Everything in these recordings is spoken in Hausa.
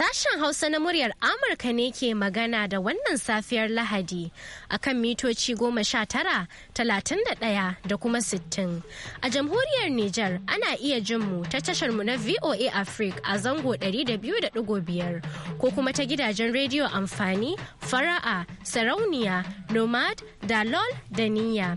Sashen Hausa na muryar Amurka ne ke magana da wannan safiyar Lahadi a kan mitoci goma sha tara, talatin da ɗaya da kuma sittin. A jamhuriyar Nijar ana iya jin mu ta tashar mu na VOA Africa a zango ɗari da biyu da digo biyar ko kuma ta gidajen rediyo amfani, fara'a, sarauniya, nomad, dalol da niyya.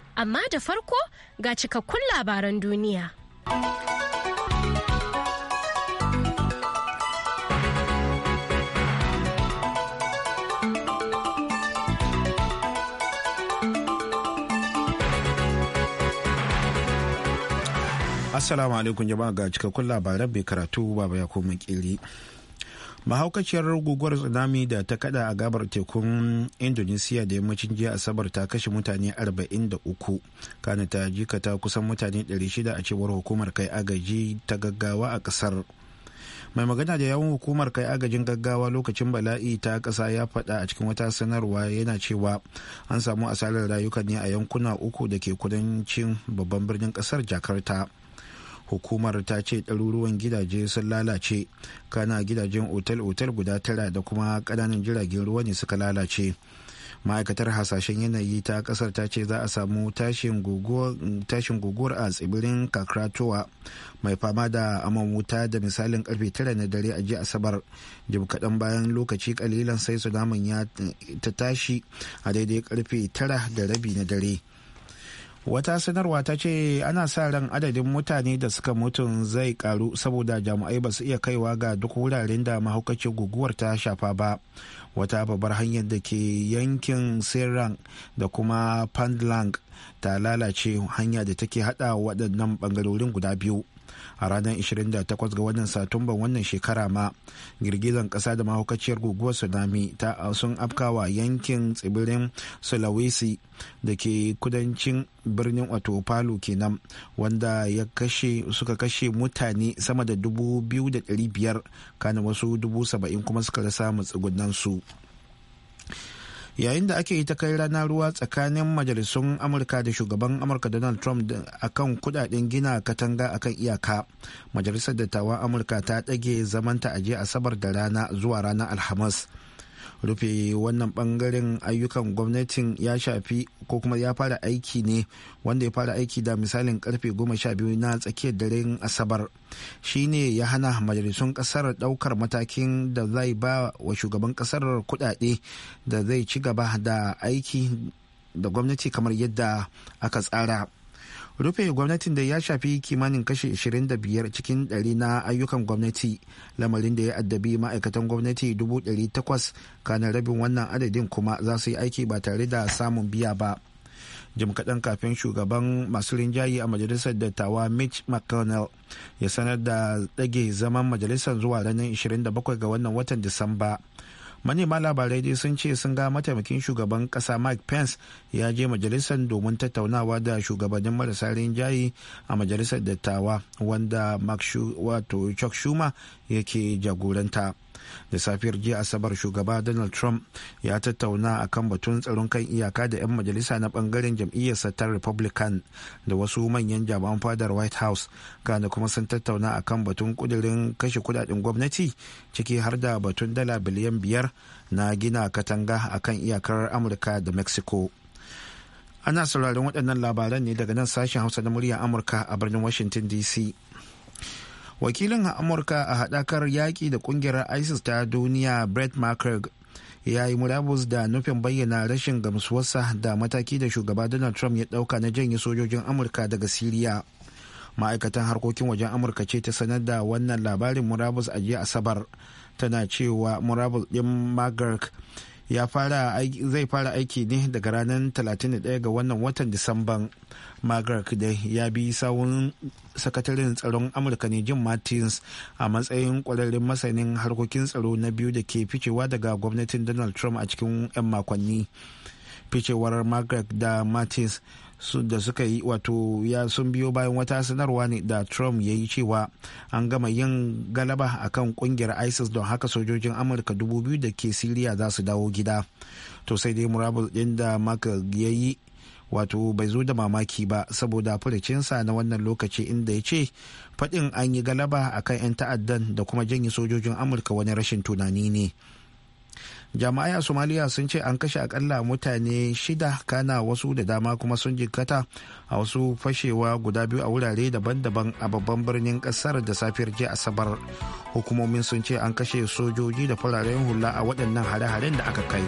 amma da farko ga cikakkun labaran duniya. Assalamu alaikum jama'a ga cikakkun labaran bai karatu baba ya koma kiri. mahaukaciyar guguwar tsunami da ta kada a gabar tekun indonesiya da yammacin jiya asabar ta kashe mutane 43 kana ta jikata kusan mutane 600 a cewar hukumar kai agaji ta gaggawa a kasar mai magana da yawon hukumar kai agajin gaggawa lokacin bala'i ta kasa ya faɗa a cikin wata sanarwa yana cewa an samu asarar rayuka ne a yankuna uku da ke kudancin babban birnin kasar jakarta hukumar ta ce ɗaruruwan gidaje sun lalace kana gidajen otal-otal guda tara da kuma ƙananan jiragen ruwa ne suka lalace ma'aikatar hasashen yanayi ta ƙasar ta ce za a samu tashin guguwar a tsibirin kakratowa mai fama da aman wuta da misalin karfe 9 na dare a jiya asabar jim kaɗan bayan lokaci kalilan sai tsunamin ya ta tashi a daidai karfe 9 da rabi na dare wata sanarwa ta ce ana sa ran adadin mutane da suka mutu zai karu saboda jami'ai ba su iya kaiwa ga duk wuraren da mahaukacin guguwar ta shafa ba wata babbar hanyar da ke yankin siran da kuma pandlang ta lalace hanya da take hada waɗannan bangarorin guda biyu a ranar 28 ga wannan satumban wannan shekara ma girgizan kasa da mahaukaciyar guguwar tsunami ta sun afkawa yankin tsibirin sulawesi da ke kudancin birnin wato palu kenan wanda ya kashe suka kashe mutane sama da 2,500 kana wasu 7,000 kuma suka rasa matsugunan su yayin da ake yi ta kai rana ruwa tsakanin majalisun amurka da shugaban amurka donald trump akan kudaden gina katanga akan iyaka majalisar dattawan amurka ta ɗage zamanta a jiya asabar da rana zuwa ranar alhamis rufe wannan bangaren ayyukan gwamnatin ya shafi ko kuma ya fara aiki ne wanda ya fara aiki da misalin karfe goma sha biyu na tsakiyar daren asabar shine ya hana majalisun kasar daukar matakin da zai ba wa shugaban kasar kudade da zai ci gaba da aiki da gwamnati kamar yadda aka tsara rufe gwamnatin da ya shafi kimanin kashi 25 cikin 100 na ayyukan gwamnati lamarin da ya addabi ma'aikatan gwamnati 800 kanan rabin wannan adadin kuma za su yi aiki ba tare da samun biya ba jim kaɗan kafin shugaban masu rinjaye a majalisar dattawa mitch mcconnell ya sanar da ɗage zaman majalisar zuwa ranar 27 ga wannan watan disamba manema labarai dai sun ce sun ga mataimakin shugaban kasa mike pence ya je majalisar domin tattaunawa da shugabannin marasa rinjaye a majalisar dattawa wanda wato chuck schumer yake jagoranta. da safiyar jiya asabar shugaba donald trump ya tattauna a kan batun tsaron kan iyaka da 'yan majalisa na bangaren jam'iyyar ta republican da wasu manyan jami'an fadar white house kana kuma sun tattauna a kan batun kudirin kashe kudaden gwamnati ciki har da batun dala biliyan biyar na gina katanga a kan iyakar amurka da mexico ana sauraron waɗannan labaran ne daga nan sashen hausa na murya amurka a birnin washington dc wakilin amurka a haɗakar yaƙi da ƙungiyar isis ta duniya brett mccraig ya yi murabus da nufin bayyana rashin gamsuwarsa da mataki da shugaba donald trump ya ɗauka na janye sojojin amurka daga siriya ma'aikatan harkokin wajen amurka ce ta sanar da wannan labarin murabus a jiya asabar tana cewa murabus ɗin magark zai fara aiki ne daga ranar 31 ga wannan watan disamban margaret da ya bi sawun sakataren tsaron amurka ne jim martins a matsayin kwararren masanin harkokin tsaro na biyu da ke ficewa daga gwamnatin donald trump a cikin 'yan makonni ficewar margaret da martins da suka yi wato ya sun biyo bayan wata sanarwa ne da trump ya yi cewa an gama yin galaba a kan kungiyar isis don haka sojojin amurka dubu biyu da ke siriya za su dawo gida to sai dai murabus din da maka ya yi wato bai zo da mamaki ba saboda furicinsa na wannan lokaci inda ya ce faɗin an yi galaba a kan 'yan ta'addan da kuma janye sojojin amurka wani rashin tunani ne jama'ai a somaliya sun ce an kashe akalla mutane shida kana wasu da dama kuma sun jikkata a wasu fashewa guda biyu a wurare daban-daban a babban birnin kasar da safiyar jiya asabar hukumomin sun ce an kashe sojoji da fararen hula a waɗannan hare-haren da aka kai.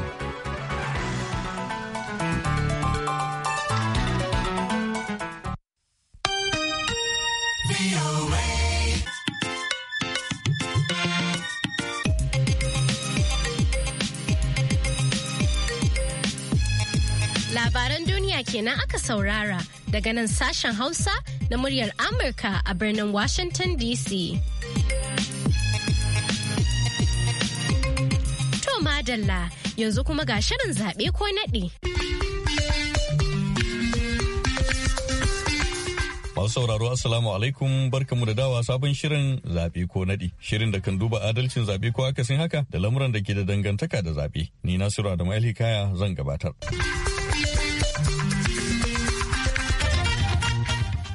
saurara daga nan sashen Hausa na muryar Amurka a birnin Washington DC. To madalla yanzu kuma ga shirin zaɓe ko naɗi. Masu sauraro Assalamu alaikum barkamu da dawa sabon shirin zaɓe ko naɗi. Shirin da kan duba adalcin zaɓe ko akasin haka da lamuran da ke da dangantaka da zaɓe. Ni Nasiru Adamu Kaya zan gabatar.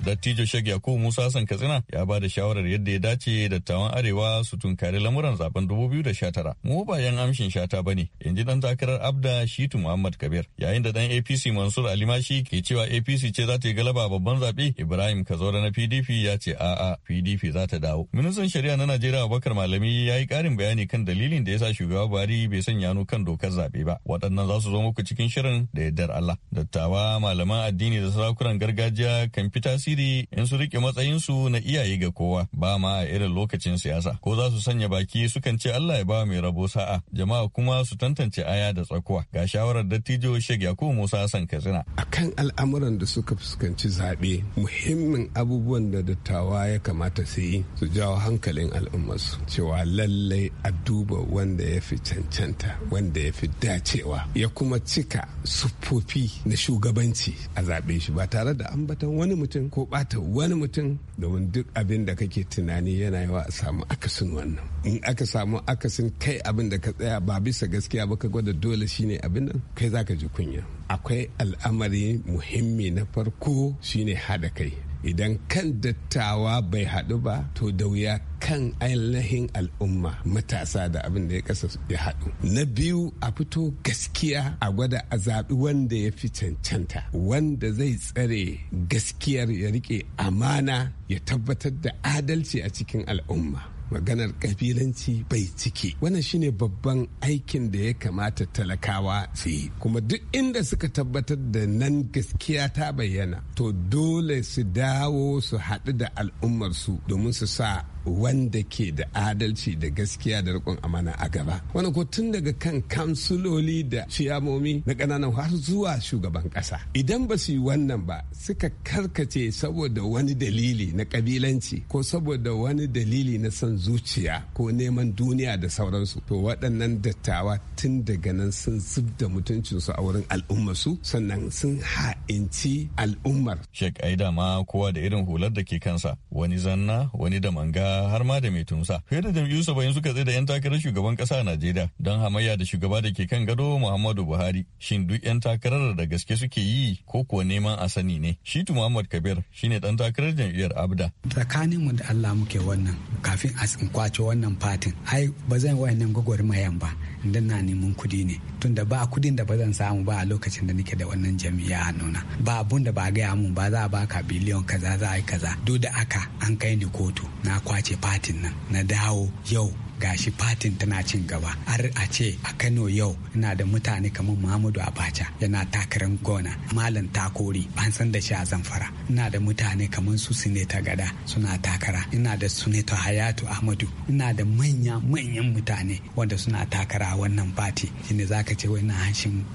Dattijo Shege Yakubu Musa Hassan Katsina ya ba da shawarar yadda ya dace dattawan Arewa su tunkari lamuran zaben 2019. Mu ba yan amshin shata bane, in ji dan takarar Abda Shitu Muhammad Kabir. Yayin da dan APC Mansur ali mashi ke cewa APC ce za ta yi galaba babban zaɓe, Ibrahim Kazaura na PDP ya ce a'a PDP za ta dawo. Ministan Shari'a na Najeriya Abubakar Malami ya yi ƙarin bayani kan dalilin da ya sa shugaba Buhari bai sanya hannu kan dokar zaɓe ba. Waɗannan za su zo muku cikin shirin da yardar Allah. Dattawa malaman addini da sarakunan gargajiya kan fi tasiri tasiri in su rike matsayinsu na iyaye ga kowa ba ma a irin lokacin siyasa ko za su sanya baki sukan ce Allah ya ba mai rabo sa'a jama'a kuma su tantance aya da tsakuwa ga shawarar dattijo Sheikh Yakubu Musa san Katsina akan al'amuran da suka fuskanci zaɓe muhimmin abubuwan da dattawa ya kamata su yi su jawo hankalin al'ummarsu cewa lallai a duba wanda ya fi cancanta wanda ya fi dacewa ya kuma cika siffofi na shugabanci a zaɓe shi ba tare da ambatan wani mutum ko bata wani mutum domin duk abin da kake tunani yana yawa a samu akasin wannan in aka samu akasin kai abin da ka tsaya ba bisa gaskiya ba ka gwada dole shine abin nan kai zaka ji kunya akwai al'amari muhimmi na farko shine hada kai idan kan dattawa bai haɗu ba to da wuya kan ainihin al'umma matasa da abin da ya ƙasa ya haɗu. Na biyu a fito gaskiya a gwada a zaɓi wanda ya fi cancanta wanda zai tsare gaskiyar ya riƙe amana ya tabbatar da adalci a cikin al'umma. maganar kabilanci bai ciki wannan shine babban aikin da ya kamata talakawa su yi kuma duk inda suka tabbatar da nan gaskiya ta bayyana to dole su dawo su haɗu da al'ummarsu domin su sa wanda ke da adalci da gaskiya da rikon amana a gaba wani ko tun daga kan kamsuloli da ciyamomi na ƙananan har zuwa shugaban ƙasa idan ba su yi wannan ba suka karkace saboda wani dalili na ƙabilanci ko saboda wani dalili na son zuciya ko neman duniya da sauransu to waɗannan dattawa tun daga nan sun zub da mutuncinsu a wurin al'ummarsu sannan sun ha'inci al'ummar. Sheikh Aida ma kowa da irin hular da ke kansa wani zanna wani da manga har ma da mai tunsa. Fiye da jam'iyyu saba'in suka tsaye da 'yan takarar shugaban ƙasa a Najeriya don hamayya da shugaba da ke kan gado Muhammadu Buhari. Shin duk 'yan takarar da gaske suke yi ko kuwa neman a sani ne? Shitu Muhammad Kabir ne ɗan takarar jam'iyyar Abda. Tsakanin mu da Allah muke wannan kafin a kwace wannan fatin. Ai ba zan wayannan gwagwarmayan ba. idan na neman kuɗi ne tunda ba kuɗin da ba zan samu ba a lokacin da nake da wannan jami'a a nuna ba abun da ba a gaya mun ba za a baka biliyon kaza za a yi kaza duk da aka an kai ni kotu na kwace fatin nan na dawo yau gashi fatin tana cin gaba har a ce a kano yau ina da mutane kamar muhammadu abacha yana takarar gona malam takori an san da shi a zamfara ina da mutane kamar su sineta gada suna takara ina da suneta hayatu ahmadu ina da manya manyan mutane wanda suna takara wannan fati shine ka ce wai na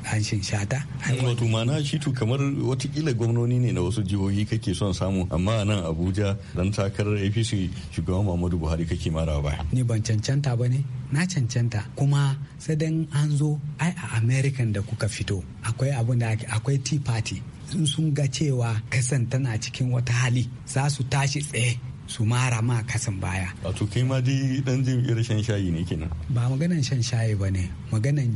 hanshin shata wato ma'ana shi to kamar watakila gwamnoni ne na wasu jihohi kake son samu amma nan abuja dan takarar apc shugaban muhammadu buhari kake mara baya ni ban cancanta cancanta ba ne na cancanta kuma sai dan an zo ai a american da kuka fito akwai abin da akwai tea party sun ga cewa kasan tana cikin wata hali za su tashi tsaye su mara ma kasan baya wato kai ma dai dan jam'iyyar shan shayi ne kenan ba maganan shan shayi ba ne maganan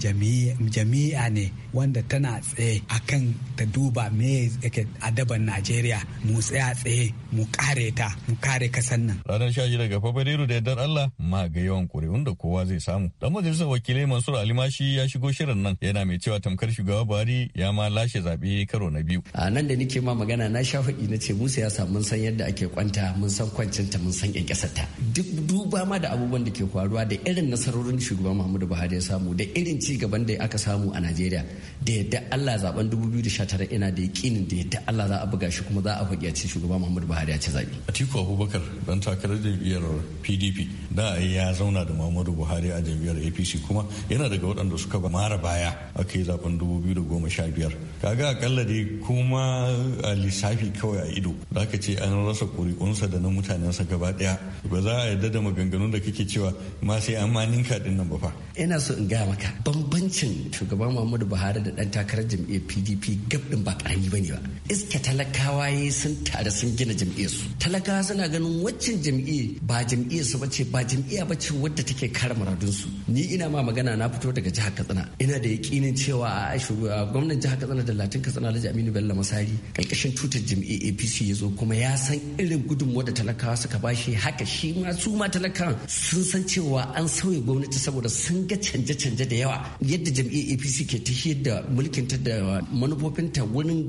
jami'a ne wanda tana tsaye akan ta duba me yake adaban najeriya mu tsaya tsaye mu kare ta mu kare kasan nan ranar shayi daga fabrairu da yardar allah ma ga yawan ƙuri'un da kowa zai samu dan majalisar wakilai mansur alimashi ya shigo shirin nan yana mai cewa tamkar shugaba buhari ya ma lashe zaɓe karo na biyu a nan da nake ma magana na sha faɗi na ce musa ya mun san yadda ake kwanta mun san kwanta rancen mun san 'yan ta duk duba ma da abubuwan da ke faruwa da irin nasarorin shugaban Muhammadu Buhari ya samu da irin ci gaban da aka samu a Najeriya da yadda Allah zaben 2019 ina da yakinin da yadda Allah za a buga shi kuma za a ci shugaban Muhammadu Buhari ya ci zabi Atiku Abubakar dan takarar jam'iyyar PDP da ya zauna da Muhammadu Buhari a jam'iyyar APC kuma yana daga waɗanda suka ba mara baya aka yi zaben 2015 kaga akalla dai kuma a lissafi kawai a ido da aka ce an rasa kuri'unsa da na mutane mutanensa gaba daya ba za a yarda da maganganun da kake cewa ma sai an ma ninka din nan ba fa ina so in gaya maka bambancin shugaban Muhammadu Buhari da dan takarar jam'iyyar PDP gab din ba karami bane ba iska talakawa yi sun tare sun gina jam'iyyar su talakawa suna ganin waccan jam'iyyar ba jam'iyyar su bace ba jam'iyya bace wadda take kare muradun su ni ina ma magana na fito daga jihar Katsina ina da yakinin cewa a gwamnan jihar Katsina da Latin Katsina Alhaji Aminu Bello Masari karkashin tutar jam'iyyar APC ya zo kuma ya san irin gudunmuwa da talakawa suka ba shi haka shi ma su ma talakawan sun san cewa an sauya gwamnati saboda sun ga canje-canje da yawa yadda jam'iyyar apc ke ta da mulkin ta da manufofinta wurin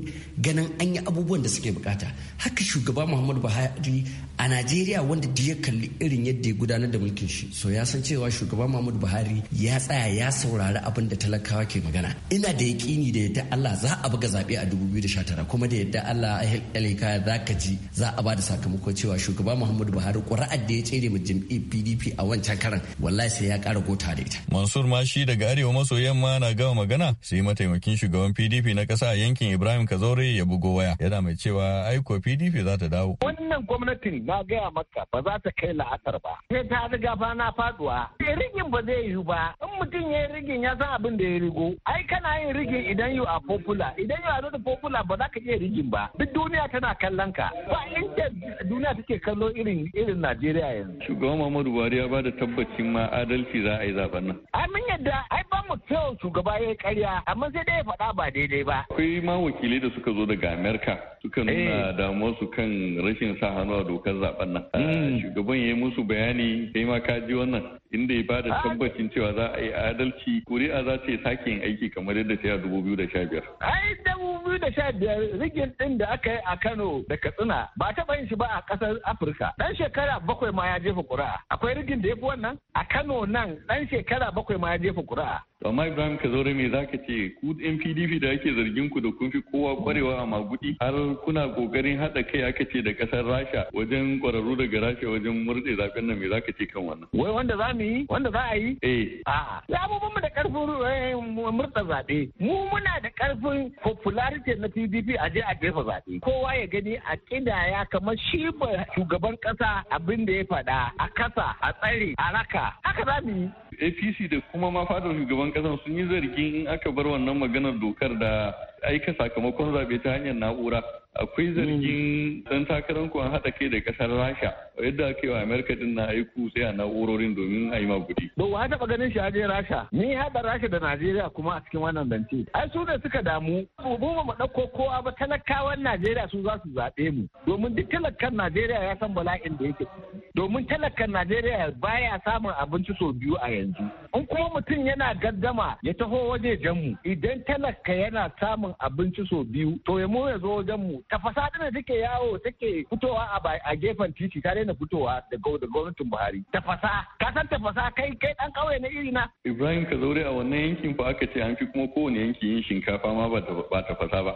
ganin an yi abubuwan da suke bukata haka shugaba muhammadu buhari a najeriya wanda ya kalli irin yadda ya gudanar da mulkin shi so ya san cewa shugaba muhammadu buhari ya tsaya ya saurari abin da talakawa ke magana ina da yaƙini da yadda allah za a buga zaɓe a 2019 kuma da yadda allah alhika za ka ji za a ba da sakamako cewa shugaba shugaba muhammadu buhari ƙuri'ar da ya tsere mu jam'i pdp a wancan karan wallahi sai ya ƙara gota da ita mansur mashi daga arewa maso yamma na gama magana sai mataimakin shugaban pdp na ƙasa yankin ibrahim kazaure ya bugo waya yana mai cewa aiko pdp za ta dawo wannan gwamnatin na gaya maka ba za ta kai la'asar ba sai ta riga fa na faduwa rigin ba zai yiwu ba in mutum ya yi rigin ya san abin da ya rigo ai kana yin rigin idan yi a popular idan yi a popular ba za ka iya rigin ba duk duniya tana kallon ka ba inda duniya take kallo irin irin Najeriya yanzu. Shugaban Muhammadu Buhari ya bada tabbacin ma adalci za a yi zaben nan. Amin yadda ai ba mu kyau shugaba ya karya amma sai dai ya faɗa ba daidai ba. Akwai ma wakilai da suka zo daga Amerika suka nuna eh. damuwar su kan rashin sa hannu a dokar zaben nan. Hmm. Ah, shugaban ya yi musu bayani kai ma ka wannan. inda ya bada ah. tabbacin cewa za a yi adalci kuri'a za ta yi sake aiki kamar yadda ta yi a dubu biyu da sha biyar. ai dubu biyu da sha biyar rigin din da aka yi a kano da katsina ba taɓa yin shi ba a ƙasar afirka ɗan shekara bakwai ma ya jefa kuri'a akwai rigin da ya fi wannan a kano nan ɗan shekara bakwai ma ya jefa kuri'a amma ibrahim ka zaure me zaka ce ku yan pdp da ake zargin ku da kun fi kowa kwarewa a magudi har kuna kokarin haɗa kai aka ce da ƙasar rasha wajen kwararru daga rasha wajen murɗe zaben nan me zaka ce kan wannan wai wanda za mu yi wanda za a yi eh a'a ya mu mu da ƙarfin eh, murɗa zaɓe mu muna da ƙarfin popularity na pdp a je a jefa zaɓe kowa ya gani a kidaya kamar shi ba shugaban ƙasa abin da ya faɗa a ƙasa, a tsare a raka haka za mu yi apc da kuma ma fadar shugaban shugaban kasan sun yi zargin in aka bar wannan maganar dokar da aika sakamakon zaɓe ta hanyar na'ura akwai hmm. zargin dan takarar kuwa haɗa kai da ƙasar rasha yadda ake wa amerika din na aiku sai a na'urorin domin a yi magudi. to wa taɓa ganin shi aje rasha ni haɗa rasha da najeriya kuma a cikin wannan zance ai su ne suka damu mu ba mu ɗauko kowa ba talakawan najeriya su za su zaɓe mu domin duk talakan najeriya ya san bala'in da yake domin talakan Najeriya baya samun abinci sau biyu a yanzu. In kuma mutum yana gaddama ya taho waje janmu idan talaka yana samun abinci sau biyu to ya mu ya zo wajen mu tafasa da take yawo take fitowa a gefen titi ta daina fitowa da gwamnatin Buhari. Tafasa ka san tafasa kai kai dan kauye na iri na. Ibrahim ka zaure a wannan yankin fa aka ce an fi kuma kowane yanki yin shinkafa ma ba tafasa ba.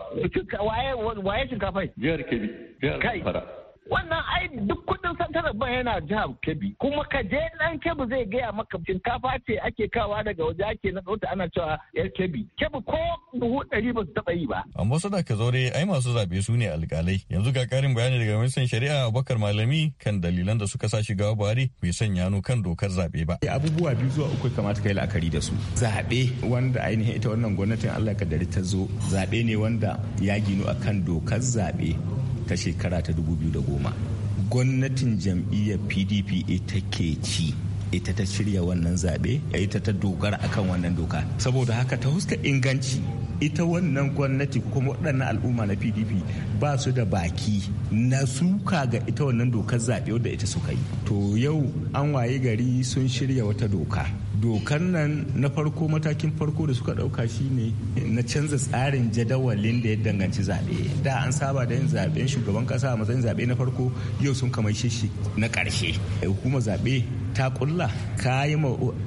Waye waye shinkafa? Jihar Kebbi. Jihar Zamfara. wannan ai duk kudin santarar ban yana jihar kebbi kuma ka je dan kebbi zai gaya maka shinkafa ce ake kawa daga waje ake na tsota ana cewa yar kebbi kebbi ko buhu ɗari ba su taɓa yi ba. amma sada ka zaure ai masu zaɓe su ne alƙalai yanzu ga ƙarin bayani daga ministan shari'a abubakar malami kan dalilan da suka sa shiga buhari bai sanya nu kan dokar zaɓe ba. Eh, abubuwa biyu zuwa uku kamata ka yi la'akari da su zaɓe wanda ainihin ita wannan gwamnatin allah ka dari ta zo zaɓe ne wanda ya ginu akan dokar zaɓe ta shekara ta 2010 gwamnatin jam'iyyar pdp ita ke ci ita ta shirya wannan zaɓe ita ta dogara akan wannan doka saboda haka ta huska inganci ita wannan gwamnati kuma waɗannan al'umma na pdp ba su da baki na suka ga ita wannan dokar zaɓe wadda ita suka yi to yau an waye gari sun shirya wata doka dokar nan na farko matakin farko da suka ɗauka shine na canza tsarin jadawalin da ya danganci zaɓe da an saba da yin zaɓen shugaban ƙasa a matsayin zaɓe na farko yau sun kamaishe shi na ƙarshe hukumar zaɓe ta kulla ka yi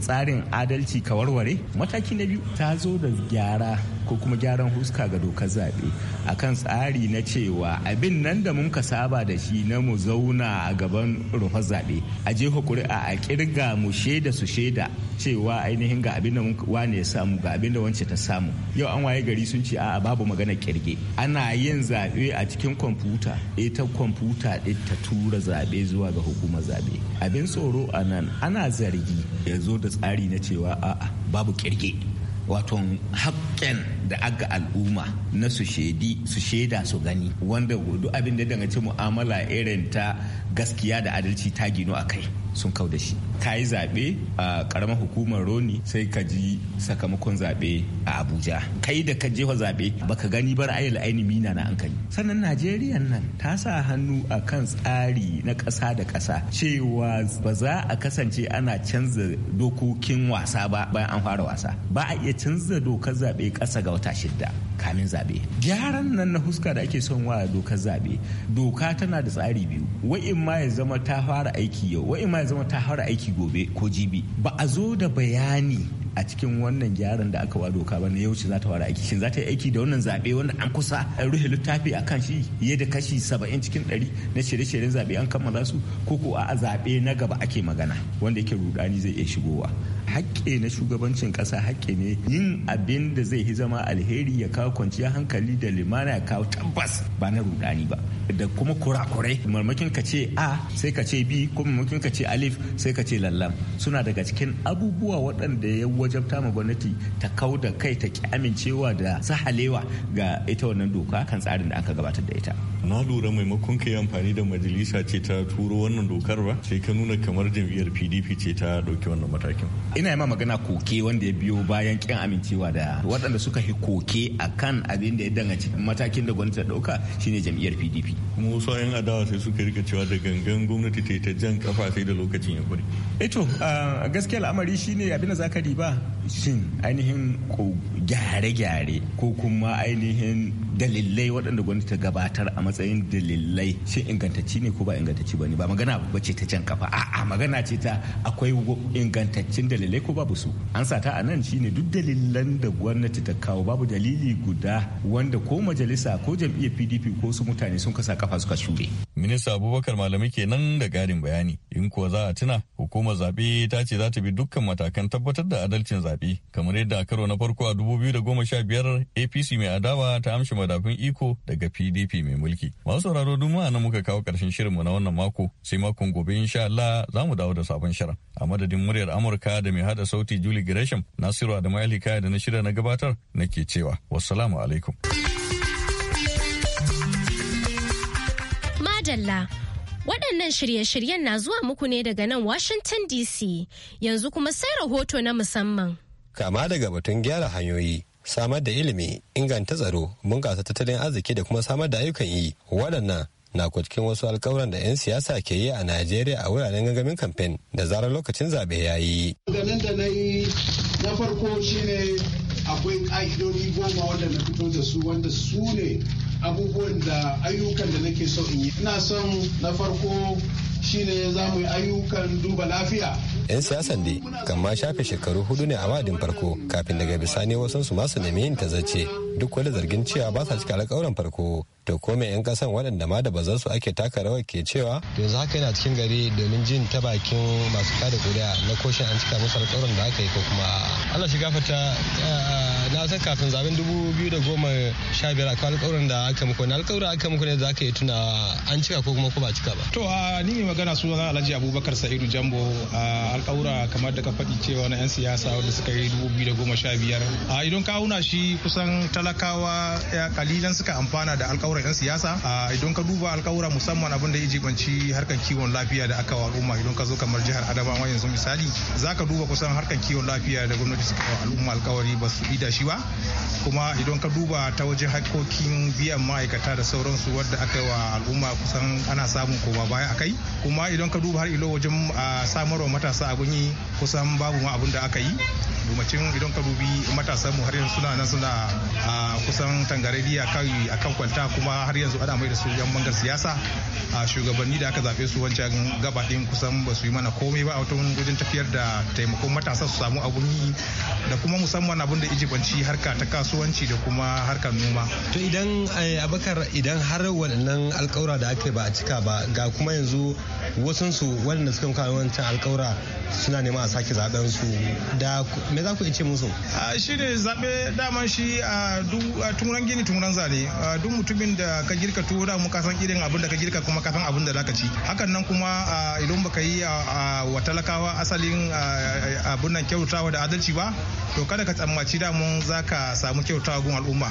tsarin adalci ka warware mataki na biyu ta zo da gyara ko kuma gyaran huska ga dokar zaɓe kan tsari na cewa abin nan da mun ka saba da shi na mu zauna a gaban rufar zaɓe a jefa ƙuri'a a kirga mu shaida su shaida cewa ainihin ga abin da wane ya samu ga abin da wance ta samu yau an waye gari sun ce a babu magana kirge ana yin zaɓe a cikin kwamfuta ita e kwamfuta ɗin ta tura zaɓe zuwa ga hukumar zaɓe abin tsoro a nan ana zargi ya zo da tsari na cewa a'a babu kirge wato haƙƙen da aga al'umma na su shaidi su shaida su gani wanda duk abin da danganci mu'amala irin ta gaskiya da adalci ta gino a kai sun kau da shi ka yi zaɓe a ƙaramar hukumar roni sai ka ji sakamakon zaɓe a abuja kai da ka jefa zaɓe baka gani ba ra'ayi mina na an kai. sannan najeriya nan ta sa hannu a kan tsari na ƙasa da ƙasa cewa ba za a kasance ana canza dokokin wasa ba bayan an fara wasa ba a iya canza dokar zaɓe ƙasa ga wata shidda kamin zaɓe. Gyaran nan na huska da ake son wa dokar zaɓe, doka tana da tsari biyu, wa'in ma ya zama ta fara aiki yau, wa'in ma zama ta haura aiki gobe ko jibi ba a zo da bayani a cikin wannan gyaran da aka wa doka ba na yau za ta fara aiki shin za ta yi aiki da wannan zaɓe wanda an kusa ruhe ruhe littafi a kan shi fiye da kashi saba'in cikin ɗari na shirye-shiryen zaɓe an kammala su ko ko a zaɓe na gaba ake magana wanda yake rudani zai iya shigowa hakke na shugabancin ƙasa hakke ne yin abin da zai yi zama alheri ya kawo kwanciyar hankali da limana ya kawo tabbas ba na rudani ba da kuma kurakurai marmakin ka ce a sai ka ce b ko marmakin ka ce alif sai ka ce lallam suna daga cikin abubuwa waɗanda ya wajabta ma gwamnati ta kau da kai ta ki amincewa da sahalewa ga ita wannan doka kan tsarin da aka gabatar da ita na lura maimakon ka yi amfani da majalisa ce ta turo wannan dokar ba sai ka nuna kamar jam'iyyar pdp ce ta ɗauki wannan matakin ina yi ma magana koke wanda ya biyo bayan kin amincewa da waɗanda suka yi koke akan abin da ya cikin matakin da gwamnati ta ɗauka shine jam'iyyar pdp musa yan adawa sai suka rika cewa da gangan gwamnati ta yi ta jan kafa sai da lokacin ya kure eto eh a gaskiya al'amari shine abin da za ka riba shin ainihin gyare-gyare ko kuma ainihin dalilai waɗanda gwamnati ta gabatar a matsayin dalilai shin ingantacci ne ko ba ingantacci ba ne ba magana ba ce ta can kafa a'a magana ce ta akwai ingantaccin dalilai ko babu su an sa ta a nan shine duk dalilan da gwamnati ta kawo babu dalili guda wanda ko majalisa ko jam'iyyar PDP ko su mutane sun kasa kafa suka shure minista Abubakar Malami kenan da garin bayani in kuwa za a tuna hukumar zaɓe ta ce za ta bi dukkan matakan tabbatar da adalcin zaɓe kamar yadda a karo na farko a 2015 APC mai adawa ta amshi madafin iko daga PDP mai mulki. Masu sauraro duk ma muka kawo karshen shirinmu na wannan mako sai makon gobe insha Allah za mu dawo da sabon shirin. A madadin muryar Amurka da mai hada sauti Julie Gresham Nasiru da Mayali Kaya da na shirya na gabatar nake cewa wassalamu alaikum. Madalla Waɗannan shirye-shiryen na zuwa muku ne daga nan Washington DC yanzu kuma sai rahoto na musamman. Kama daga batun gyara hanyoyi samar da ilimi inganta tsaro bunkasa tattalin arziki da kuma samar da ayyukan yi waɗannan na cikin wasu alkawuran da 'yan siyasa ke yi a najeriya a wuraren gangamin kamfen da zarar lokacin zaɓe ya yi da na yi na farko shine akwai ƙa'idodi goma wanda na fito da su wanda su ne abubuwan da ayyukan da nake so in yi ina son na farko shine za mu yi ayyukan duba lafiya 'yan siyasan dai kan ma shafe shekaru hudu ne a wadin farko kafin daga bisani wasan su masu nemi yin zace duk wani zargin cewa ba sa cika alƙawuran farko to ko mai 'yan kasan waɗanda ma da bazan su ake taka rawar ke cewa yanzu haka yana cikin gari domin jin ta bakin masu kada kuri'a na koshin an cika musu alƙawuran da aka yi ko kuma Allah shi gafarta na san kafin zaben dubu biyu da goma sha biyar akwai alkawarin da aka muku na alkawarin aka muku ne da aka yi tuna an cika ko kuma ko ba cika ba. to a ni mai magana suna alhaji abubakar sa'idu jambo a alƙawura kamar da ka faɗi cewa na 'yan siyasa wanda suka yi dubu biyu da goma sha biyar a idan ka auna shi kusan talakawa kalilan suka amfana da alkawuran 'yan siyasa a idan ka duba alƙawura musamman abin da ya jibanci harkar kiwon lafiya da aka wa al'umma idan ka zo kamar jihar adamawa yanzu misali za ka duba kusan harkar kiwon lafiya da gwamnati suka wa al'umma alkawari ba su ida shi ba kuma idan ka duba ta wajen hakokin biyan ma'aikata da sauransu wadda aka yi wa al'umma kusan ana samun koma baya akai kuma idan ka duba har ilo wajen samarwa matasa abun yi kusan babu ma abun da aka yi domacin idan ka dubi matasan mu har yanzu suna nan suna wasan tangarari a kan kwalta kuma har yanzu ana mai da su yan bangar siyasa a shugabanni da aka zaɓe su wancan gabaɗin kusan ba su yi mana komai ba a wata wajen tafiyar da taimakon matasa su samu abun yi da kuma musamman abin da ijibanci harka ta kasuwanci da kuma harkar noma. To idan eh, abakar idan har waɗannan alkawura da aka ba a cika ba ga kuma yanzu su waɗanda suka kawo wancan alkawura suna neman a sake zaben su da me za ku ce musu shi ne zaɓe daman shi a tumuran gini turan zane ah, duk mutumin da ka girka tuwo da mu kasan irin abin da ka girka kuma kasan abin da zaka ci hakan nan kuma ah, idan baka yi ah, wa talakawa asalin abin nan kyautawa da adalci ba to kada ka tsammaci damun zaka samu kyautawa gun al'umma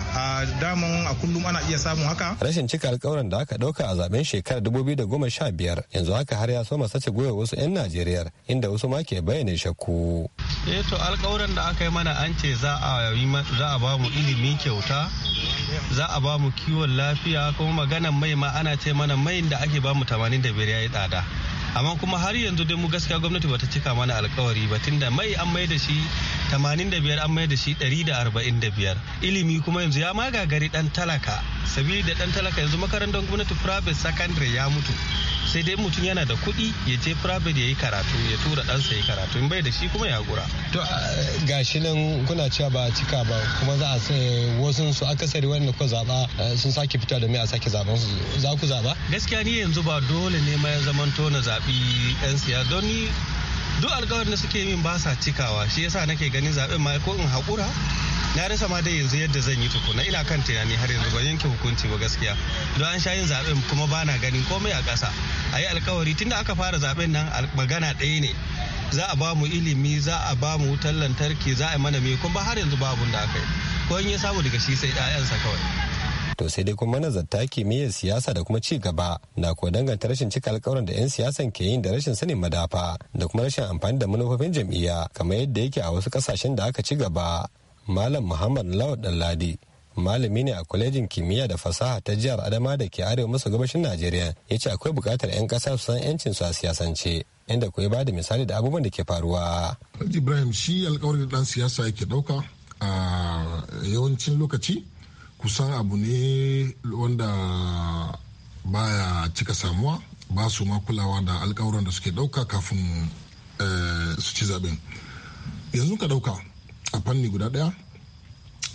damun a kullum ana iya samun haka rashin cika alƙawarin da aka dauka a zaben shekarar 2015 yanzu haka har ya so sace goyo wasu 'yan Najeriya inda wasu ma ke bayyana shakku eh to alƙawarin da aka yi mana an ce za a ba mu ilimi kyauta za a ba mu kiwon lafiya kuma maganan mai ma ana ce mana mai da ake ba mu 85 ya yi tsada amma kuma har yanzu dai mu gaskiya gwamnati bata cika mana alkawari ba tunda mai an mai da shi 85 an mai da shi 145 ilimi kuma yanzu ya magagari dan talaka sabili da dan talaka yanzu makarantar gwamnati private secondary ya mutu sai dai mutum yana da kuɗi ya je private ya yi karatu ya tura ɗansa ya yi karatu in bai da shi kuma ya gura to ga shi nan kuna cewa ba cika ba kuma za a wasu su akasari wanda ku zaba sun sake fita da mai a sake zaben su za ku zaba gaskiya ni yanzu ba dole ne ma ya zamanto tona zaɓi 'yan siya don ni duk alkawarin da suke min ba sa cikawa shi yasa nake ganin zaɓen ma ko in haƙura na rasa ma dai yanzu yadda zan yi tukuna ina kan tunani har yanzu ban yanke hukunci ba gaskiya don an sha yin zaben kuma bana ganin komai a ƙasa a yi alkawari tunda aka fara zaben nan magana ɗaya ne za a ba mu ilimi za a ba mu wutar lantarki za a mana mai kuma har yanzu babu da aka yi ko in ya samu daga shi sai ɗayansa kawai to sai dai kuma nazarta kimiyyar siyasa da kuma ci gaba na kuwa danganta rashin cika alkawarin da 'yan siyasan ke yin da rashin sanin madafa da kuma rashin amfani da manufofin jam'iyya kamar yadda yake a wasu kasashen da aka ci gaba Malam Muhammad Lawal Ɗanladi malami ne a kwalejin kimiyya da fasaha ta jihar Adama da ke arewa maso gabashin Najeriya ya ce akwai buƙatar 'yan ƙasa su san 'yancin su a siyasance inda kuwa ba da misali da abubuwan da ke faruwa. Ibrahim shi alkawarin ɗan siyasa yake ɗauka a yawancin lokaci kusan abu ne wanda baya cika samuwa ba su ma kulawa da alkawuran da suke ɗauka kafin eh, su ci zaɓen. Yanzu ka ɗauka a fanni guda daya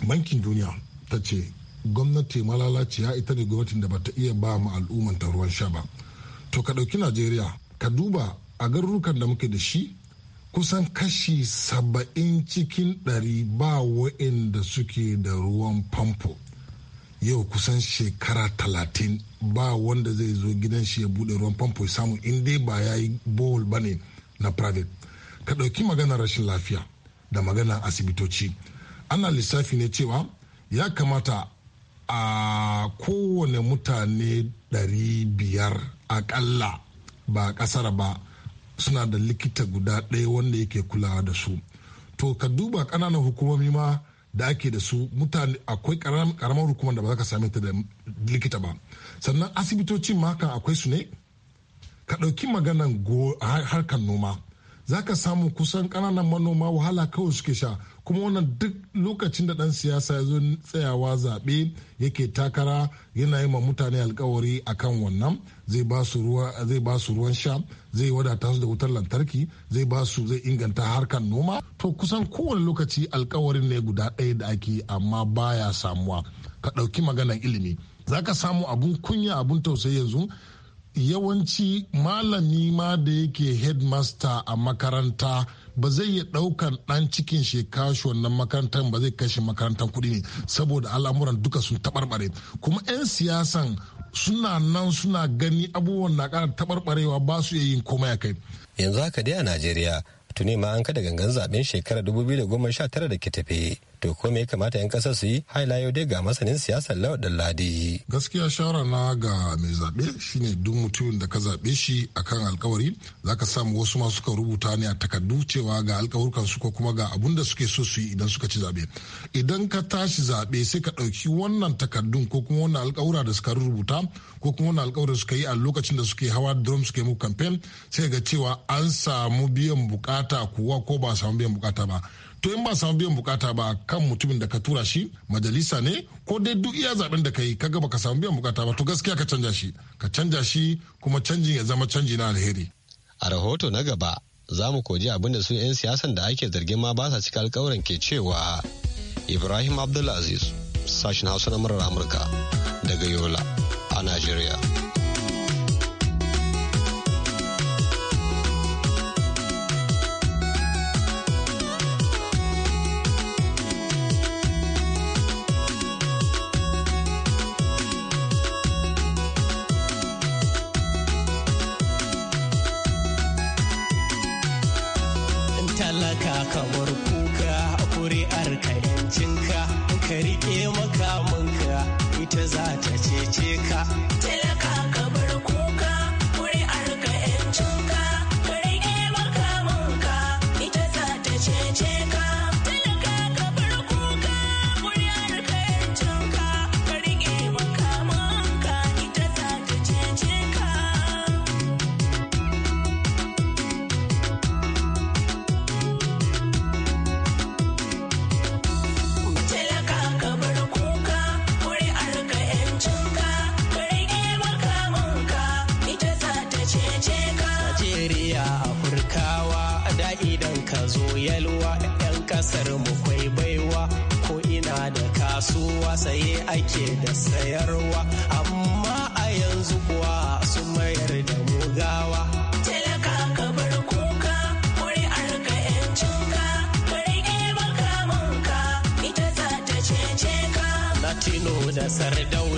bankin duniya ta ce gwamnati malalaciya ita ne gwamnatin da bata iya ba mu al'umman ta ruwan sha ba to ka ɗauki najeriya ka duba a garurukan da muke da shi kusan kashi saba'in cikin ɗari ba wa'inda suke da ruwan famfo yau kusan shekara talatin ba wanda zai zo gidan shi ya bude ruwan famfo ya samu in ba ya yi bowl ba ne na private ka ɗauki maganar rashin lafiya da magana asibitoci ana lissafi ne cewa ya kamata a kowane mutane 500 akalla ba kasar ba suna da likita guda ɗaya wanda yake kulawa da su to ka duba ƙananan hukumomi ma da ake da su mutane akwai karamar hukumar da ba za ka same ta da likita ba sannan asibitoci ma kan akwai su ne ka ɗauki maganan harkar noma za ka samu kusan kananan manoma wahala kawai suke sha kuma wannan duk lokacin da ɗan siyasa ya zo tsayawa zaɓe yake takara yana yi ma mutane alkawari a kan wannan zai ba su ruwan sha zai wadata su da wutar lantarki zai ba su zai inganta harkar noma to kusan kowane lokaci alkawarin ne guda ɗaya da ake amma baya samuwa ka ɗauki maganar ilimi za ka samu abun kunya abun tausayi yanzu yawanci malami ma da yake headmaster a makaranta ba zai iya daukan dan cikin shekashi wannan makarantar ba zai kashe makarantar kuɗi ne saboda al'amuran duka sun tabarbare kuma 'yan siyasan suna nan suna gani abubuwan na kara taɓarɓarewa ba su iya yin komai kai yanzu haka dai a najeriya tuni ma an kada gangan zaben shekarar 2019 da ke tafe to ko me ya kamata 'yan kasar su yi hai yau dai ga masanin siyasar laudan ladi gaskiya shawara na ga mai zaɓe shine duk mutumin da ka zaɓe shi akan alkawari zaka samu wasu ma suka rubuta ne a takardu cewa ga alkawurkan su ko kuma ga abun da suke so su yi idan suka ci zaɓe idan ka tashi zaɓe sai ka ɗauki wannan takardun ko kuma wannan alkawura da suka rubuta ko kuma wannan alkawura suka yi a lokacin da suke hawa drum suke muku campaign sai ga cewa an samu biyan bukata kuwa ko ba samu biyan bukata ba to in ba samu biyan bukata ba kan mutumin da ka tura shi majalisa ne ko dai duk iya zaben da ka yi kaga baka samu biyan bukata ba to gaskiya ka canja shi ka canja shi kuma canjin ya zama canji na alheri a rahoto na gaba za mu koji abin da su 'yan siyasan da ake zargin ma ba sa cika alkawuran ke cewa ibrahim abdulaziz sashen hausa na murar amurka daga yola a najeriya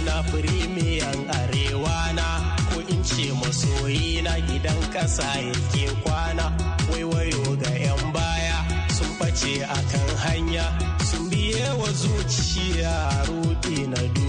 na firimiyan arewa na ko in ce masoyi na gidan ƙasa yake kwana waiwayo ga 'yan baya sun face akan hanya sun biye wa zuciya rudi na duk.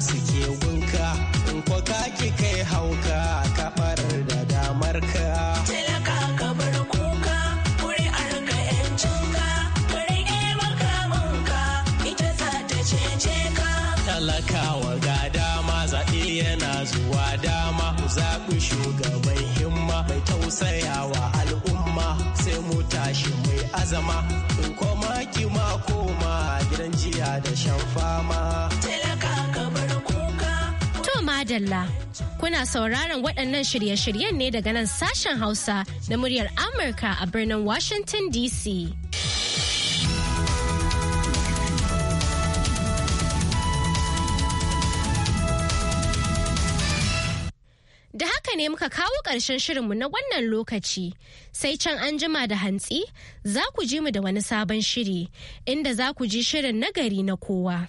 suke gunka in ko ka ki kai hauka kabar da damar ka talaka ka bar kuka wuri arka yancin ka ka ita za ta ka talakawa ga dama zaɓe yana zuwa dama zaɓi shugaban himma mai tausayawa al'umma sai mu tashi mai azama in koma ki ma koma gidan jiya da shan fama Madalla. Kuna sauraron waɗannan shirye-shiryen ne daga nan sashen Hausa na muryar Amurka a birnin Washington DC. Da haka ne muka kawo ƙarshen shirinmu na wannan lokaci, sai can an jima da hantsi za ku ji mu da wani sabon shiri, inda za ku ji shirin nagari na kowa.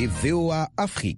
de VOA Afrique.